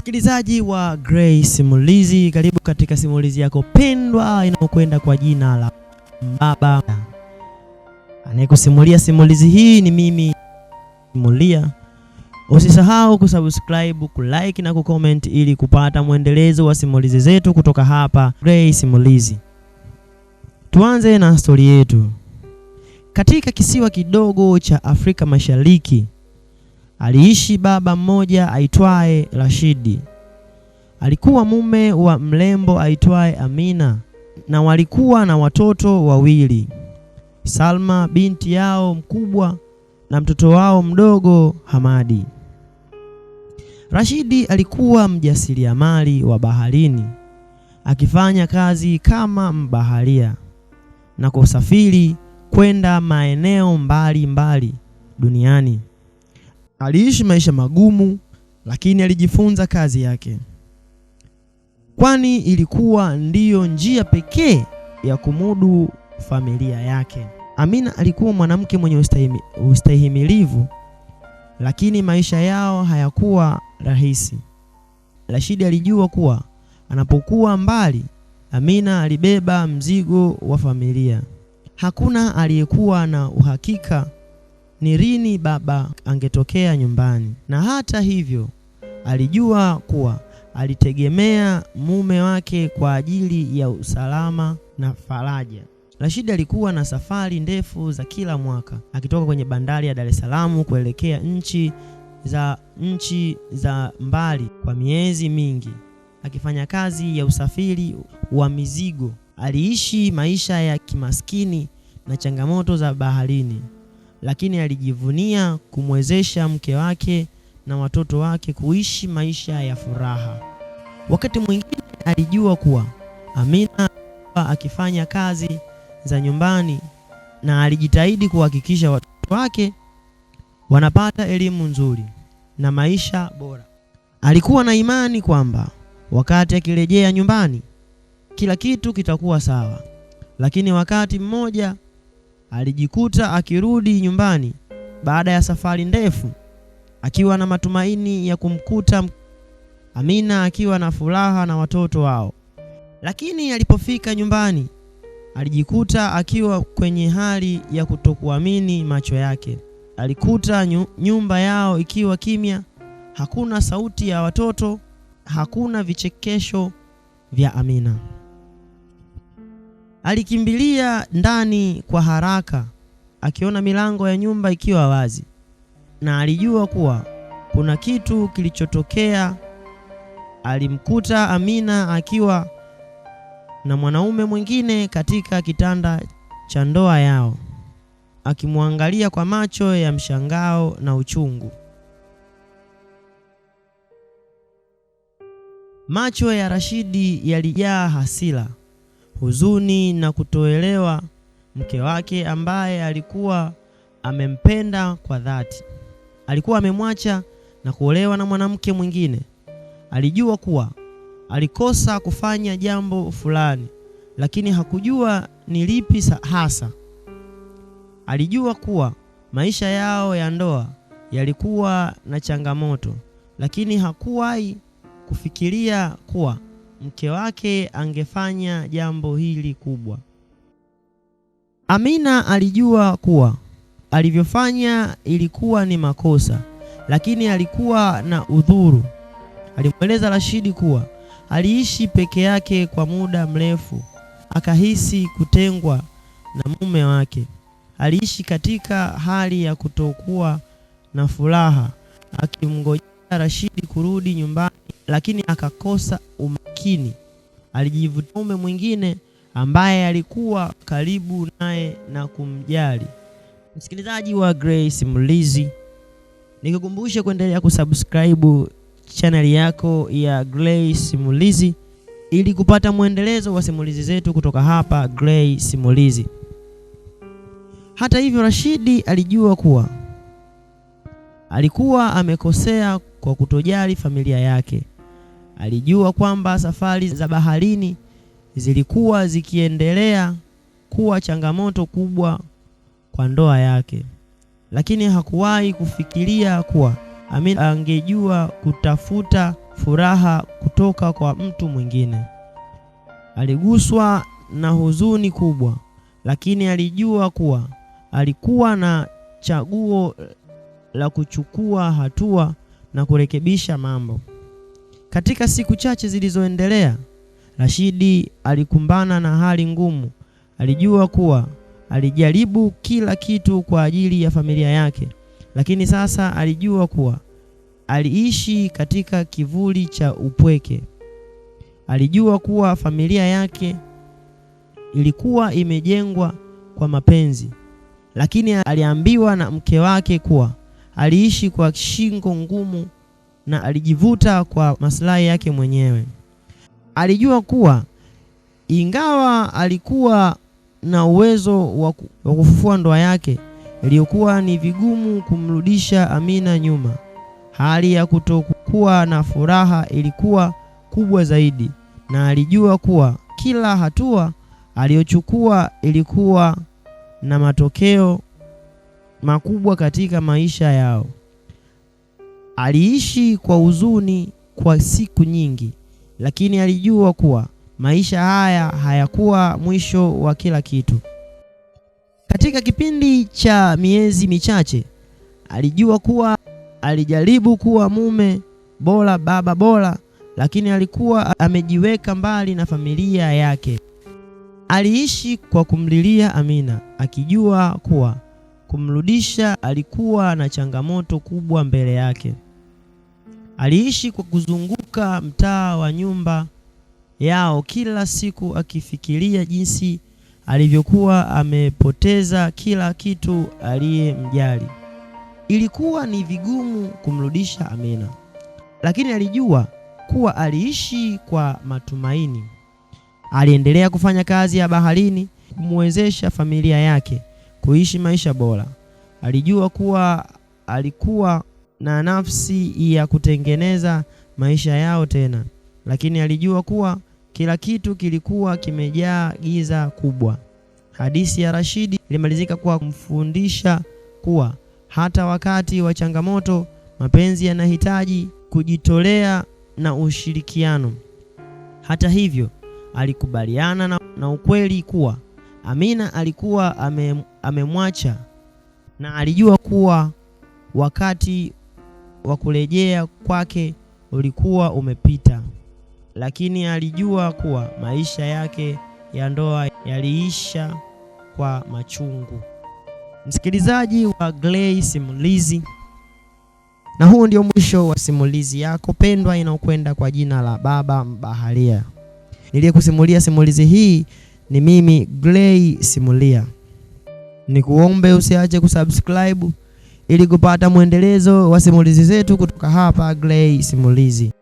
Msikilizaji wa Gray Simulizi, karibu katika simulizi yako pendwa inayokwenda kwa jina la Baba. Anayekusimulia simulizi hii ni mimi Simulia. Usisahau kusubscribe, kulike na kucomment ili kupata mwendelezo wa simulizi zetu kutoka hapa Gray Simulizi. Tuanze na stori yetu. Katika kisiwa kidogo cha Afrika Mashariki Aliishi baba mmoja aitwaye Rashidi. Alikuwa mume wa mrembo aitwaye Amina na walikuwa na watoto wawili, Salma binti yao mkubwa na mtoto wao mdogo Hamadi. Rashidi alikuwa mjasiriamali wa baharini, akifanya kazi kama mbaharia na kusafiri kwenda maeneo mbali mbali duniani aliishi maisha magumu, lakini alijifunza kazi yake, kwani ilikuwa ndiyo njia pekee ya kumudu familia yake. Amina alikuwa mwanamke mwenye ustahimilivu, lakini maisha yao hayakuwa rahisi. Rashidi alijua kuwa anapokuwa mbali, Amina alibeba mzigo wa familia. Hakuna aliyekuwa na uhakika ni lini baba angetokea nyumbani, na hata hivyo alijua kuwa alitegemea mume wake kwa ajili ya usalama na faraja. Rashid alikuwa na safari ndefu za kila mwaka akitoka kwenye bandari ya Dar es Salaam kuelekea nchi za nchi za mbali kwa miezi mingi akifanya kazi ya usafiri wa mizigo. Aliishi maisha ya kimaskini na changamoto za baharini lakini alijivunia kumwezesha mke wake na watoto wake kuishi maisha ya furaha. Wakati mwingine alijua kuwa Amina alikuwa akifanya kazi za nyumbani na alijitahidi kuhakikisha watoto wake wanapata elimu nzuri na maisha bora. Alikuwa na imani kwamba wakati akirejea nyumbani kila kitu kitakuwa sawa, lakini wakati mmoja alijikuta akirudi nyumbani baada ya safari ndefu akiwa na matumaini ya kumkuta Amina akiwa na furaha na watoto wao, lakini alipofika nyumbani alijikuta akiwa kwenye hali ya kutokuamini macho yake. Alikuta nyumba yao ikiwa kimya, hakuna sauti ya watoto, hakuna vichekesho vya Amina. Alikimbilia ndani kwa haraka, akiona milango ya nyumba ikiwa wazi, na alijua kuwa kuna kitu kilichotokea. Alimkuta Amina akiwa na mwanaume mwingine katika kitanda cha ndoa yao, akimwangalia kwa macho ya mshangao na uchungu. Macho ya Rashidi yalijaa hasira huzuni na kutoelewa mke wake ambaye alikuwa amempenda kwa dhati. Alikuwa amemwacha na kuolewa na mwanamke mwingine. Alijua kuwa alikosa kufanya jambo fulani, lakini hakujua ni lipi hasa. Alijua kuwa maisha yao ya ndoa yalikuwa na changamoto, lakini hakuwahi kufikiria kuwa mke wake angefanya jambo hili kubwa. Amina alijua kuwa alivyofanya ilikuwa ni makosa, lakini alikuwa na udhuru. Alimweleza Rashidi kuwa aliishi peke yake kwa muda mrefu, akahisi kutengwa na mume wake. Aliishi katika hali ya kutokuwa na furaha, akimngojea Rashidi kurudi nyumbani, lakini akakosa umani lakini alijivuta mume mwingine ambaye alikuwa karibu naye na kumjali. Msikilizaji wa Gray Simulizi, nikukumbushe kuendelea kusubscribe chaneli yako ya Gray Simulizi ili kupata mwendelezo wa simulizi zetu kutoka hapa Gray Simulizi. Hata hivyo, Rashidi alijua kuwa alikuwa amekosea kwa kutojali familia yake Alijua kwamba safari za baharini zilikuwa zikiendelea kuwa changamoto kubwa kwa ndoa yake, lakini hakuwahi kufikiria kuwa amin angejua kutafuta furaha kutoka kwa mtu mwingine. Aliguswa na huzuni kubwa, lakini alijua kuwa alikuwa na chaguo la kuchukua hatua na kurekebisha mambo. Katika siku chache zilizoendelea, Rashidi alikumbana na hali ngumu. Alijua kuwa alijaribu kila kitu kwa ajili ya familia yake, lakini sasa alijua kuwa aliishi katika kivuli cha upweke. Alijua kuwa familia yake ilikuwa imejengwa kwa mapenzi, lakini aliambiwa na mke wake kuwa aliishi kwa shingo ngumu na alijivuta kwa maslahi yake mwenyewe. Alijua kuwa ingawa alikuwa na uwezo wa kufufua ndoa yake iliyokuwa ni vigumu kumrudisha Amina nyuma, hali ya kutokuwa na furaha ilikuwa kubwa zaidi, na alijua kuwa kila hatua aliyochukua ilikuwa na matokeo makubwa katika maisha yao. Aliishi kwa huzuni kwa siku nyingi, lakini alijua kuwa maisha haya hayakuwa mwisho wa kila kitu. Katika kipindi cha miezi michache, alijua kuwa alijaribu kuwa mume bora, baba bora, lakini alikuwa amejiweka mbali na familia yake. Aliishi kwa kumlilia Amina, akijua kuwa kumrudisha alikuwa na changamoto kubwa mbele yake. Aliishi kwa kuzunguka mtaa wa nyumba yao kila siku akifikiria jinsi alivyokuwa amepoteza kila kitu aliyemjali. Ilikuwa ni vigumu kumrudisha Amina, lakini alijua kuwa aliishi kwa matumaini. Aliendelea kufanya kazi ya baharini kumwezesha familia yake kuishi maisha bora. Alijua kuwa alikuwa na nafsi ya kutengeneza maisha yao tena, lakini alijua kuwa kila kitu kilikuwa kimejaa giza kubwa. Hadithi ya Rashidi ilimalizika kwa kumfundisha kuwa hata wakati wa changamoto, mapenzi yanahitaji kujitolea na ushirikiano. Hata hivyo, alikubaliana na, na ukweli kuwa Amina alikuwa amemwacha na alijua kuwa wakati wa kurejea kwake ulikuwa umepita, lakini alijua kuwa maisha yake ya ndoa yaliisha kwa machungu. Msikilizaji wa Gray Simulizi, na huu ndio mwisho wa simulizi yako pendwa inayokwenda kwa jina la Baba Mbaharia. Niliyekusimulia simulizi hii ni mimi Gray Simulia. Nikuombe usiache kusubscribe ili kupata mwendelezo wa simulizi zetu kutoka hapa Gray Simulizi.